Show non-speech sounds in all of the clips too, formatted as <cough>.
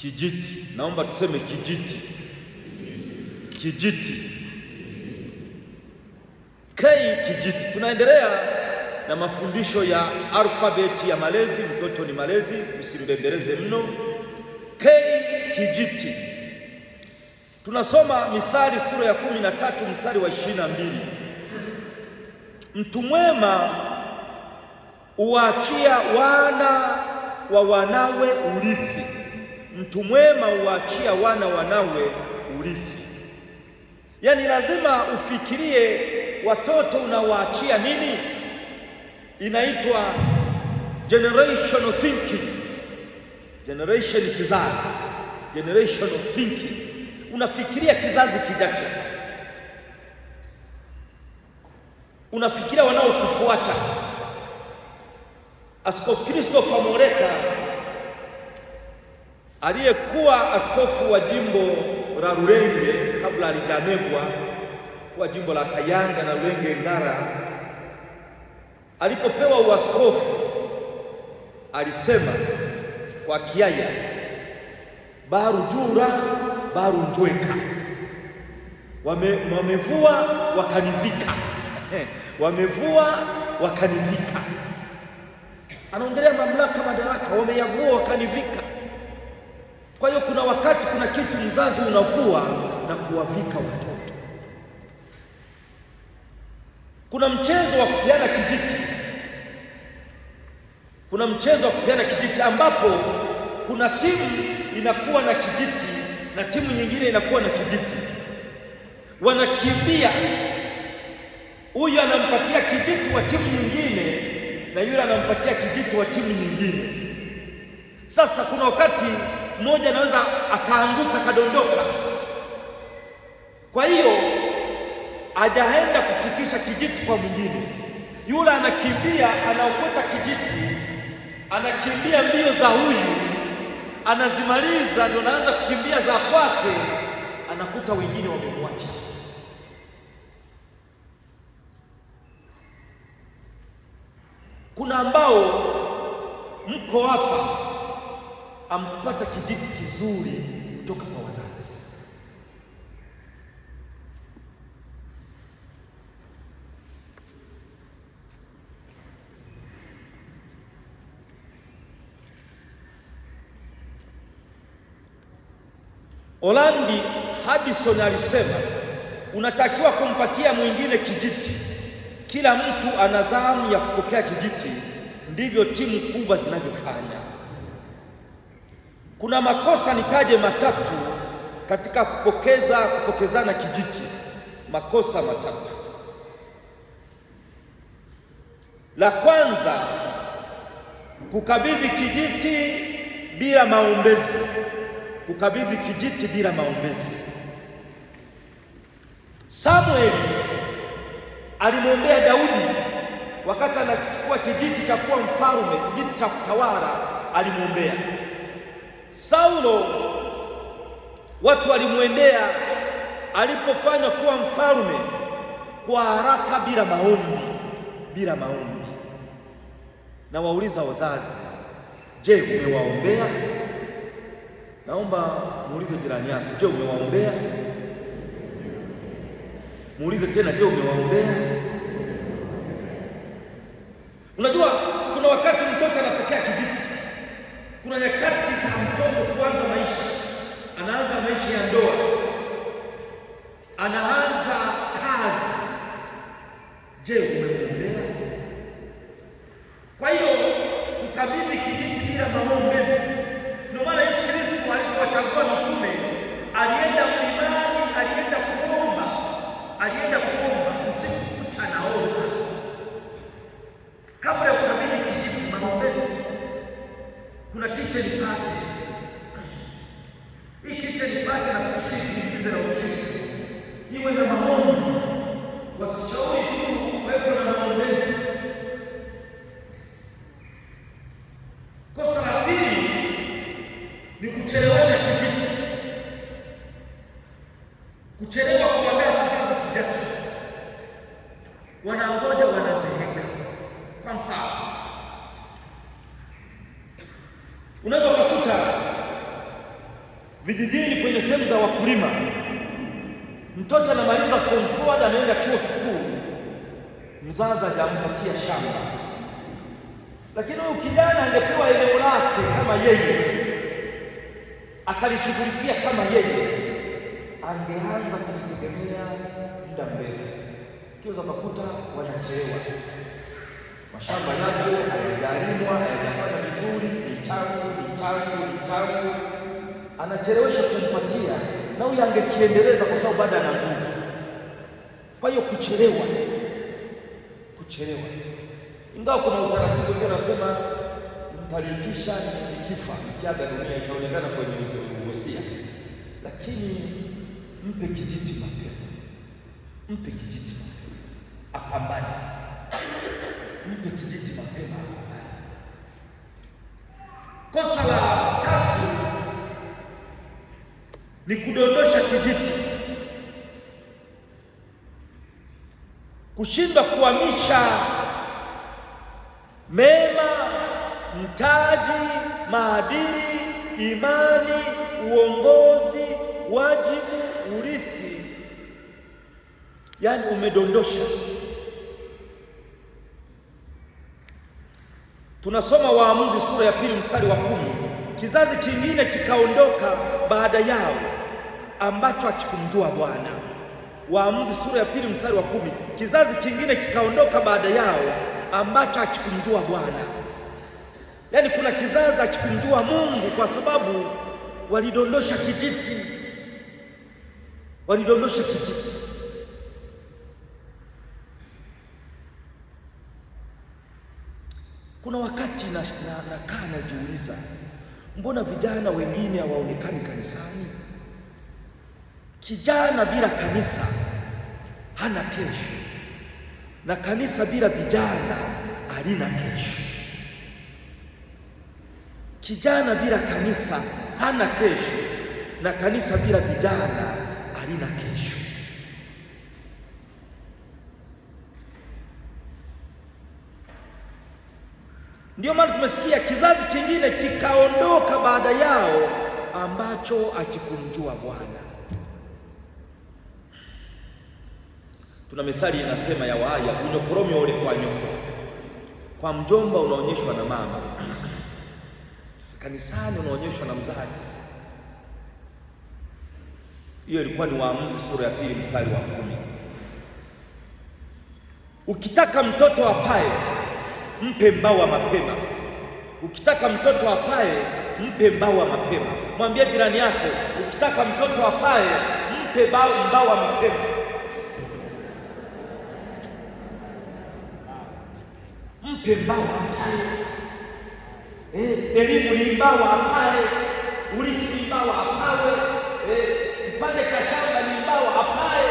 Kijiti, naomba tuseme kijiti. Kijiti K, kijiti. Tunaendelea na mafundisho ya alfabeti ya malezi. Mtoto ni malezi, usimbembeleze mno. K, kijiti. Tunasoma Mithali sura ya kumi na tatu mstari wa ishirini na mbili mtu mwema huwaachia wana wa wanawe urithi mtu mwema huwaachia wana wanawe urithi. Yaani lazima ufikirie watoto unawaachia nini. Inaitwa generational thinking, generation kizazi, generational thinking. Unafikiria kizazi kijacho, unafikiria wanaokufuata. Askofu Christopher moreka aliyekuwa askofu wa jimbo la Rulenge kabla alijamegwa kuwa jimbo la Kayanga na Rulenge Ngara, alipopewa uaskofu alisema kwa Kiaya, barujura barunjweka, wame, wamevua wakanivika, <laughs> wamevua wakanivika. Anaongelea mamlaka, madaraka, wameyavua wakanivika kwa hiyo kuna wakati kuna kitu mzazi unavua na kuwavika watoto. Kuna mchezo wa kupeana kijiti, kuna mchezo wa kupeana kijiti ambapo kuna timu inakuwa na kijiti na timu nyingine inakuwa na kijiti, wanakimbia, huyu anampatia kijiti wa timu nyingine na yule anampatia kijiti wa timu nyingine. Sasa kuna wakati mmoja anaweza akaanguka akadondoka. Kwa hiyo ajaenda kufikisha kijiti kwa mwingine, yule anakimbia, anaokota kijiti, anakimbia mbio za huyu, anazimaliza, ndio anaanza kukimbia za kwake, anakuta wengine wamemwacha. Kuna ambao mko hapa ampata kijiti kizuri kutoka kwa wazazi. olandi Hudson alisema unatakiwa kumpatia mwingine kijiti. Kila mtu ana zamu ya kupokea kijiti, ndivyo timu kubwa zinavyofanya. Kuna makosa nitaje matatu katika kupokeza kupokezana kijiti, makosa matatu. La kwanza, kukabidhi kijiti bila maombezi, kukabidhi kijiti bila maombezi. Samueli alimwombea Daudi wakati anachukua kijiti cha kuwa mfalme, kijiti cha kutawala, alimwombea Saulo watu walimwendea alipofanya kuwa mfalme kwa haraka, bila maombi, bila maombi. Na wauliza wazazi, je, umewaombea? Naomba muulize jirani yako, je, umewaombea? Muulize tena, je, umewaombea? Unajua kuna wakati mtoto anapokea kijiti kuna nyakati za mtoto kuanza maisha, anaanza maisha ya ndoa, anaanza kazi. Je, Spirit Unaweza ukakuta vijijini kwenye sehemu za wakulima, mtoto anamaliza form four anaenda chuo kikuu, mzazi hajampatia shamba. Lakini huyu kijana angepewa eneo lake kama yeye, akalishughulikia kama yeye, angeanza kujitegemea muda mrefu. Kiweza kakuta wanachelewa, mashamba yake hayajalimwa, hayajafanya anachelewesha kumpatia na huyo angekiendeleza kwa sababu bado ana nguvu. Kwa hiyo kuchelewa, kuchelewa, ingawa kuna utaratibu ndio nasema mtalifisha ikifa ikiaga dunia itaonekana kwenye usia, lakini mpe kijiti mapema, mpe kijiti mapema apambane, mpe kijiti mapema apambane. kosa la ni kudondosha kijiti, kushindwa kuhamisha mema, mtaji, maadili, imani, uongozi, wajibu, urithi, yaani umedondosha. Tunasoma Waamuzi sura ya pili mstari wa kumi, kizazi kingine kikaondoka baada yao ambacho hakikumjua Bwana. Waamuzi sura ya pili mstari wa kumi. Kizazi kingine kikaondoka baada yao ambacho hakikumjua Bwana. Yaani kuna kizazi hakikumjua Mungu kwa sababu walidondosha kijiti, walidondosha kijiti. Kuna wakati nakaa na, na najiuliza mbona vijana wengine hawaonekani kanisani? Kijana bila kanisa hana kesho, na kanisa bila vijana halina kesho. Kijana bila kanisa hana kesho, na kanisa bila vijana halina kesho. Ndiyo maana tumesikia kizazi kingine kikaondoka baada yao ambacho hakikumjua Bwana. Kuna methali inasema ya waya unyokoromya ole kwa nyoko, kwa mjomba unaonyeshwa na mama kanisani unaonyeshwa na mzazi. Hiyo ilikuwa ni Waamuzi sura ya pili mstari wa kumi. Ukitaka mtoto apae, mpe mbawa mapema. Ukitaka mtoto apae, mpe mbawa mapema. Mwambie jirani yako, ukitaka mtoto apae, mpe mbawa mapema. Pembawa pale. Eh, elimu ni mbawa pale. Ulisi ni mbawa pale. kipande cha shamba ni mbawa pale.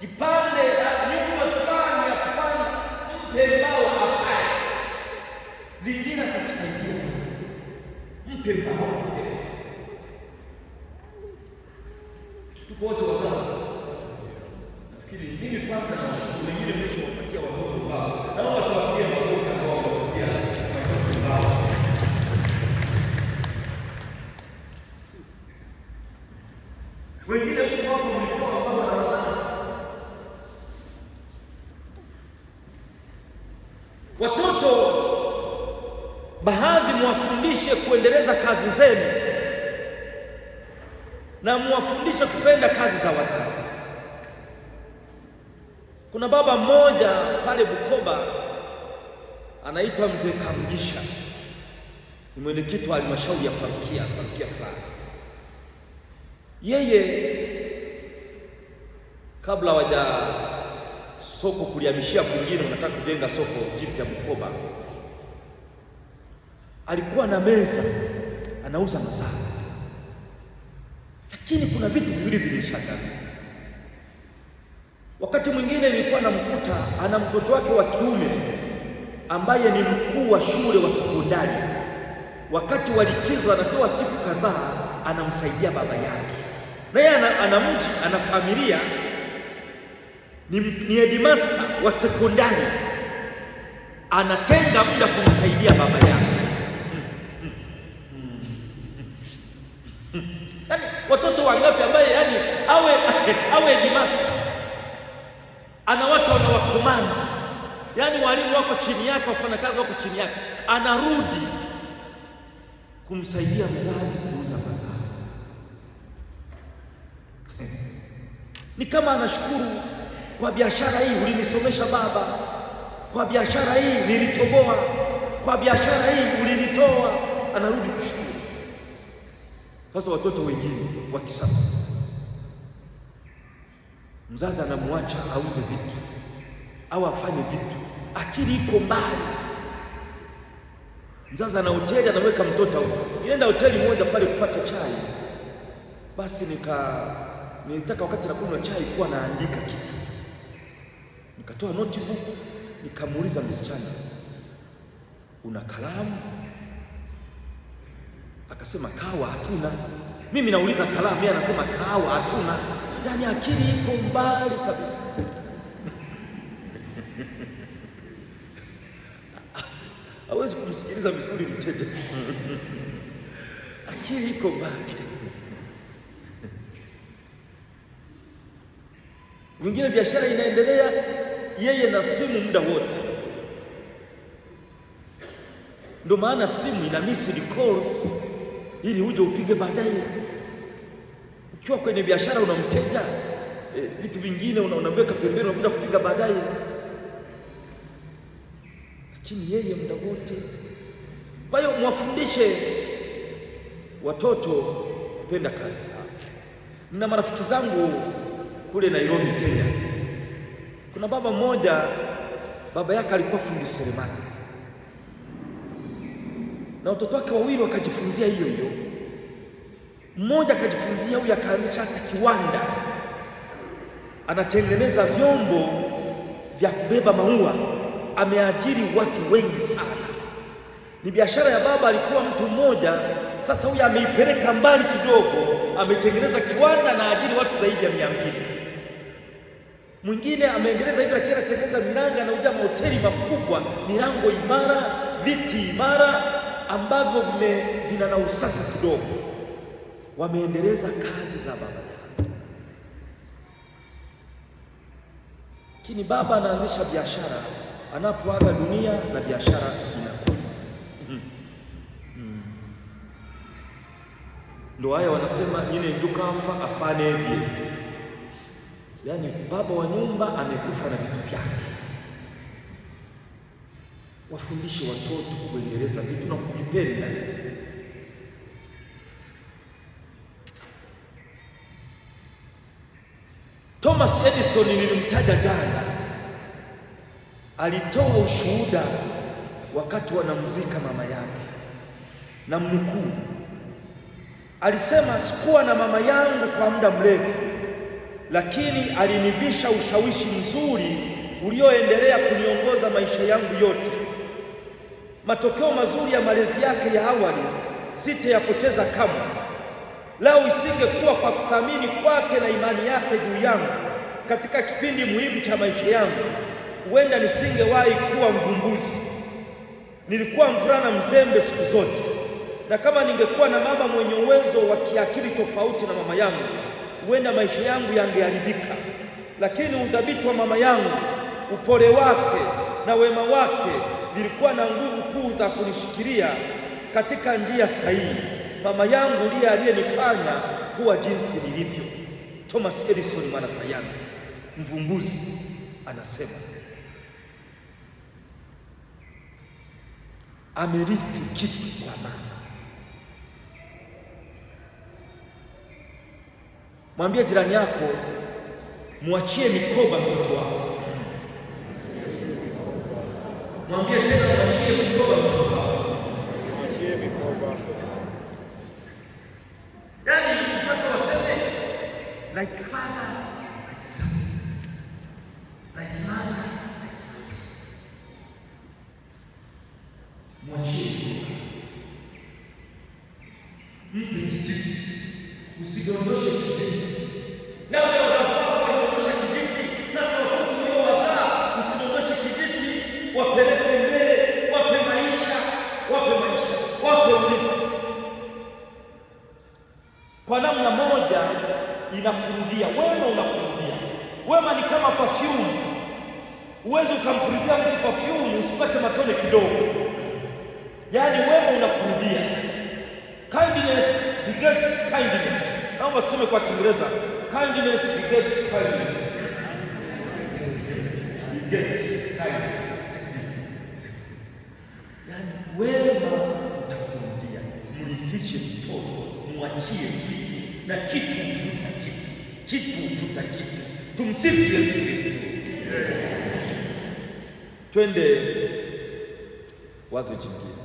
Kipande nyumba fulani ya kupanda mpe mbawa pale. Vingine atakusaidia. Mpe mbawa. Tuko wote Watoto baadhi mwafundishe kuendeleza kazi zenu na mwafundishe kupenda kazi za wazazi. Kuna baba mmoja pale Bukoba anaitwa Mzee Kamgisha, ni mwenyekiti wa halmashauri ya parokia parokia fulani. Yeye kabla waja soko kuliamishia kwingine, unataka kujenga soko jipya Bukoba. Alikuwa na meza anauza mazao, lakini kuna vitu viwili vilishangaza. Wakati mwingine nilikuwa namkuta ana mtoto wake wa kiume ambaye ni mkuu wa shule wa sekondari. Wakati wa likizo anatoa siku kadhaa, anamsaidia baba yake, naye ana, ana mji ana familia ni, ni headmaster wa sekondari anatenga muda kumsaidia baba yake. Yaani watoto wangapi ambaye yani awe <laughs> awe headmaster ana watu wanawakomanda, yani walimu wako chini yake, wafanyakazi wako chini yake, anarudi kumsaidia mzazi kuuza mazao eh. ni kama anashukuru kwa biashara hii ulinisomesha Baba, kwa biashara hii nilitoboa, kwa biashara hii ulinitoa. Anarudi kushukuru. Sasa watoto wengine wa kisasa, mzazi anamwacha auze vitu au afanye vitu, akili iko mbali. Mzazi ana hoteli, anaweka mtoto huko. Nienda hoteli moja pale kupata chai, basi nika nilitaka wakati nakunywa chai kuwa naandika kitu Nikatoa notebook nikamuuliza msichana, una kalamu? Akasema kawa hatuna. Mimi nauliza kalamu, yeye anasema kawa hatuna. Yaani akili iko mbali kabisa. <laughs> hawezi kumsikiliza vizuri mteja <laughs> akili iko mbali. Mwingine biashara inaendelea yeye na simu muda wote. Ndio maana simu ina missed calls ili uje upige baadaye. Ukiwa kwenye biashara unamteja eh, vitu e, vingine unaweka pembeni, unakuja kupiga baadaye, lakini yeye muda wote. Kwa hiyo mwafundishe watoto kupenda kazi zao. Mna marafiki zangu kule Nairobi, Kenya. Kuna baba mmoja, baba yake alikuwa fundi seremala na watoto wake wawili wakajifunzia hiyo hiyo. Mmoja akajifunzia, huyu akaanzisha hata kiwanda, anatengeneza vyombo vya kubeba maua, ameajiri watu wengi sana. Ni biashara ya baba, alikuwa mtu mmoja. Sasa huyu ameipeleka mbali kidogo, ametengeneza kiwanda na ajiri watu zaidi ya mia mbili. Mwingine ameendeleza hivyo, lakini anatengeneza milango, anauzia mahoteli makubwa, milango imara, viti imara ambavyo vina na usasa kidogo. Wameendeleza kazi za baba yao, lakini baba anaanzisha biashara, anapoaga dunia na biashara inakufa. -hmm. hmm. Ndo haya wanasema nyine njukafa afane afanebye Yaani baba wa nyumba amekufa na vitu vyake. Wafundishe watoto kuendeleza vitu na kuvipenda. Thomas Edison nilimtaja jana, alitoa ushuhuda wakati wanamzika mama yake, na mkuu alisema sikuwa na mama yangu kwa muda mrefu lakini alinivisha ushawishi mzuri ulioendelea kuniongoza maisha yangu yote. Matokeo mazuri ya malezi yake ya awali sitayapoteza kamwe. Lao isingekuwa kwa kuthamini kwake na imani yake juu yangu katika kipindi muhimu cha maisha yangu, huenda nisingewahi kuwa mvumbuzi. Nilikuwa mvulana mzembe siku zote, na kama ningekuwa na mama mwenye uwezo wa kiakili tofauti na mama yangu huenda maisha yangu yangeharibika, lakini udhabiti wa mama yangu, upole wake na wema wake vilikuwa na nguvu kuu za kunishikilia katika njia sahihi. Mama yangu ndiye aliyenifanya kuwa jinsi nilivyo. Thomas Edison, mwanasayansi mvumbuzi, anasema amerithi kitu kwa mama Mwambie jirani yako, mwachie mikoba mtoto wako. Mwambie tena, mwachie mikoba mtoto wako. Mwachie mikoba. Yaani mpaka waseme like father, Mwachie Mpe kijiti. Usidondoshe kijiti. Leo wazazi wako walidondosha kijiti, sasa watoto uliowazaa usidondoshe kijiti, wapeleke mbele, wape maisha, wape maisha, wape urithi. Kwa namna moja inakurudia, wema unakurudia. Wema ni kama perfume, uwezi ukampulizia begets kindness. Naomba tuseme kwa Kiingereza, kindness begets kindness, begets kindness. Yani wema utakurudia. Mrithishe mtoto, mwachie kitu, na kitu huvuta kitu, kitu huvuta kitu. Tumsifu Yesu Kristo. Twende wazo jingine.